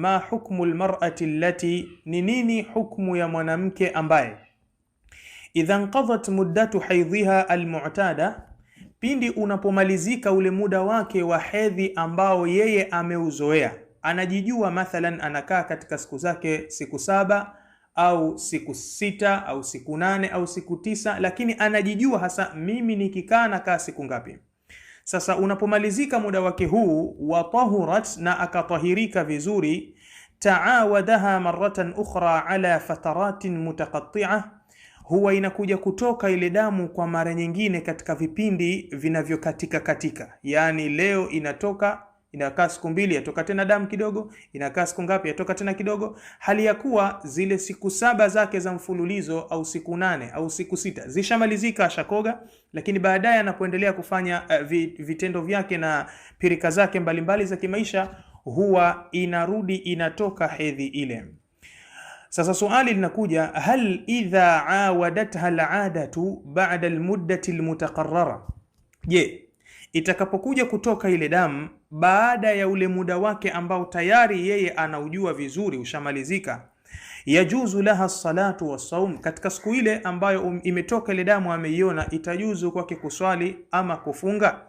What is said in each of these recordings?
ma hukmu almar'ati allati, ni nini hukmu ya mwanamke ambaye idha nqadhat muddatu haidhiha almu'tada, pindi unapomalizika ule muda wake wa hedhi ambao yeye ameuzoea, anajijua mathalan, anakaa katika siku zake siku saba au siku sita au siku nane au siku tisa, lakini anajijua hasa, mimi nikikaa nakaa siku ngapi sasa unapomalizika muda wake huu, wa tahurat, na akatahirika vizuri, taawadaha maratan ukhra ala fataratin mutaqatia huwa inakuja kutoka ile damu kwa mara nyingine katika vipindi vinavyokatika katika, yani leo inatoka inakaa siku mbili yatoka tena damu kidogo, inakaa siku ngapi yatoka tena kidogo, hali ya kuwa zile siku saba zake za mfululizo au siku nane au siku sita zishamalizika, ashakoga. Lakini baadaye anapoendelea kufanya uh, vitendo vyake na pirika zake mbalimbali za kimaisha, huwa inarudi inatoka hedhi ile. Sasa suali linakuja, hal idha awadatha ladatu ba'da almuddati almutaqarrara, je itakapokuja kutoka ile damu baada ya ule muda wake ambao tayari yeye anaujua vizuri ushamalizika, yajuzu laha salatu wasaum, katika siku ile ambayo um, imetoka ile damu ameiona, itajuzu kwake kuswali ama kufunga.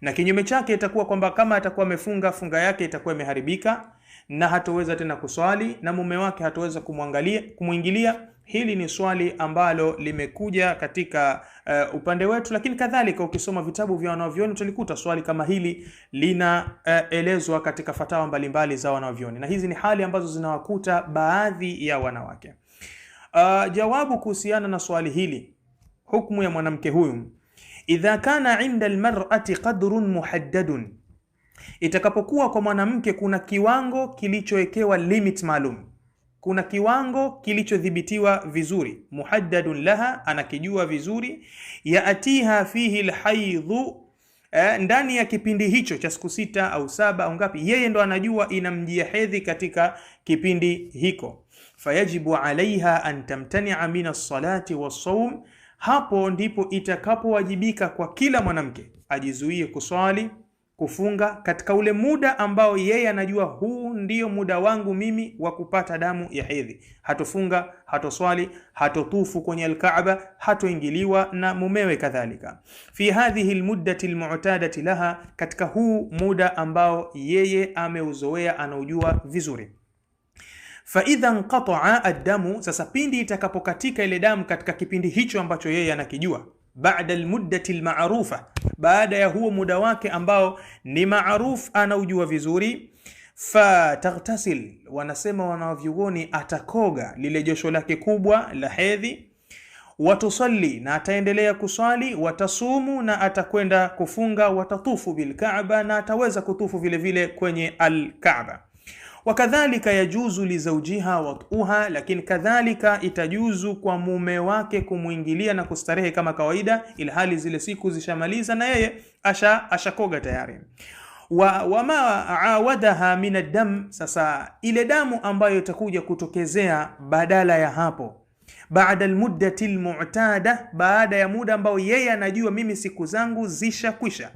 Na kinyume chake itakuwa kwamba kama atakuwa amefunga, funga yake itakuwa imeharibika na hatoweza tena kuswali na mume wake hatoweza kumwangalia kumwingilia. Hili ni swali ambalo limekuja katika uh, upande wetu, lakini kadhalika ukisoma vitabu vya wanavyoni utalikuta swali kama hili linaelezwa eh, uh, katika fatawa mbalimbali za wanavyoni, na hizi ni hali ambazo zinawakuta baadhi ya wanawake. Uh, jawabu kuhusiana na swali hili, hukmu ya mwanamke huyu, idha kana inda almar'ati qadrun muhaddadun Itakapokuwa kwa mwanamke kuna kiwango kilichowekewa limit maalum, kuna kiwango kilichodhibitiwa vizuri, muhaddadun laha, anakijua vizuri. Yaatiha fihi lhaidhu eh, ndani ya kipindi hicho cha siku sita au saba au ngapi, yeye ndo anajua inamjia hedhi katika kipindi hiko. Fayajibu alaiha an tamtania min alsalati wasaum, hapo ndipo itakapowajibika kwa kila mwanamke ajizuie kuswali kufunga katika ule muda ambao yeye anajua huu ndiyo muda wangu mimi wa kupata damu ya hedhi. Hatofunga, hatoswali, hatotufu kwenye Alkaaba, hatoingiliwa na mumewe kadhalika. Fi hadhihi lmuddati lmutadati laha, katika huu muda ambao yeye ameuzoea anaujua vizuri. Faidha nqataa addamu, sasa pindi itakapokatika ile damu katika kipindi hicho ambacho yeye anakijua baada almuddati almarufa, baada ya huo muda wake ambao ni maruf, anaujua vizuri. Fataghtasil, wanasema wanavyuoni, atakoga lile josho lake kubwa la hedhi. Watusalli, na ataendelea kuswali. Watasumu, na atakwenda kufunga. Watatufu bilkaaba, na ataweza kutufu vile vile kwenye alkaaba. Wakadhalika yajuzu lizaujiha watuha, lakini kadhalika itajuzu kwa mume wake kumwingilia na kustarehe kama kawaida, ilhali zile siku zishamaliza na yeye asha ashakoga tayari. Wa, wama awadaha min addam, sasa ile damu ambayo itakuja kutokezea badala ya hapo baada almuddati almu'tada, baada ya muda ambao yeye anajua mimi siku zangu zishakwisha,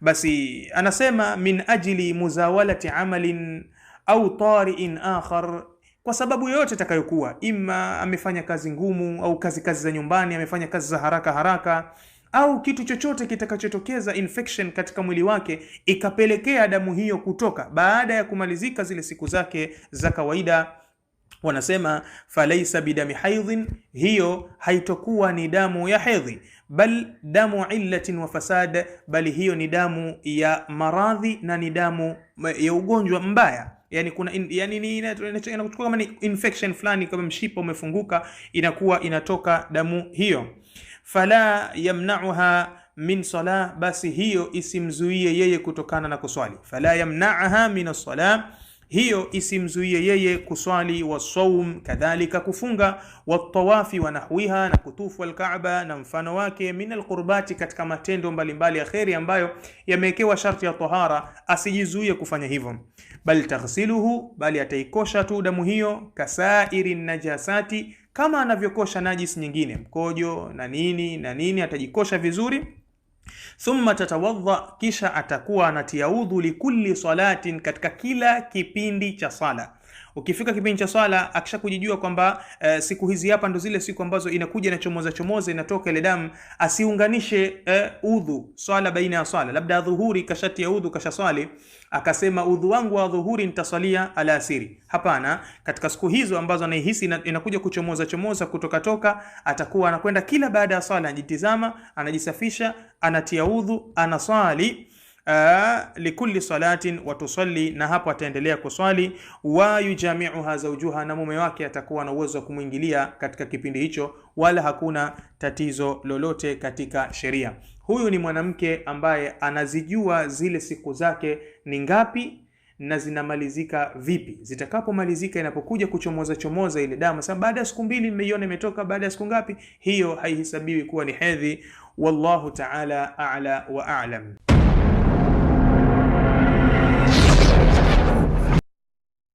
basi anasema min ajli muzawalati amalin au tariin akhar, kwa sababu yoyote itakayokuwa, imma amefanya kazi ngumu au kazi kazi za nyumbani, amefanya kazi za haraka haraka au kitu chochote kitakachotokeza infection katika mwili wake ikapelekea damu hiyo kutoka baada ya kumalizika zile siku zake za kawaida. Wanasema falaisa bidami haidhin, hiyo haitokuwa ni damu ya hedhi bal damu illatin wa fasad, bali hiyo ni damu ya maradhi na ni damu ya ugonjwa mbaya. Yani kuna in, yani ni inakuchukua kama ni infection fulani, kama mshipa umefunguka, inakuwa inatoka damu hiyo. Fala yamnauha min sala, basi hiyo isimzuie yeye kutokana na kuswali. Fala yamnaaha min as-sala hiyo isimzuie yeye kuswali wa saum, kadhalika kufunga wa tawafi wa nahwiha, na kutufu alkaaba na mfano wake, min alqurbati, katika matendo mbalimbali ya kheri ambayo yamewekewa sharti ya tahara, asijizuie kufanya hivyo. Bal taghsiluhu, bali ataikosha tu damu hiyo, kasairi najasati, kama anavyokosha najis nyingine, mkojo na nini na nini, atajikosha vizuri thumma tatawadha, kisha atakuwa anatia udhu, likulli salatin, katika kila kipindi cha sala Ukifika kipindi cha swala akishakujijua kwamba e, siku hizi hapa ndo zile siku ambazo inakuja na chomoza chomoza inatoka ile damu, asiunganishe e, udhu swala baina ya swala, labda dhuhuri kashati ya udhu kasha swali akasema udhu wangu wa dhuhuri nitaswalia alasiri. Hapana, katika siku hizo ambazo anahisi inakuja kuchomoza chomoza kutoka toka, atakuwa anakwenda kila baada ya swala, anajitizama, anajisafisha, anatia udhu, anaswali uh, eh, likulli salatin wa tusalli, na hapo ataendelea kuswali. Wayujamiuha zaujuha, na mume wake atakuwa na uwezo wa kumwingilia katika kipindi hicho, wala hakuna tatizo lolote katika sheria. Huyu ni mwanamke ambaye anazijua zile siku zake ni ngapi na zinamalizika vipi, zitakapomalizika, inapokuja kuchomoza chomoza ile damu. Sasa baada ya siku mbili mmeiona imetoka, baada ya siku ngapi, hiyo haihesabiwi kuwa ni hedhi. Wallahu taala a'la wa a'lam.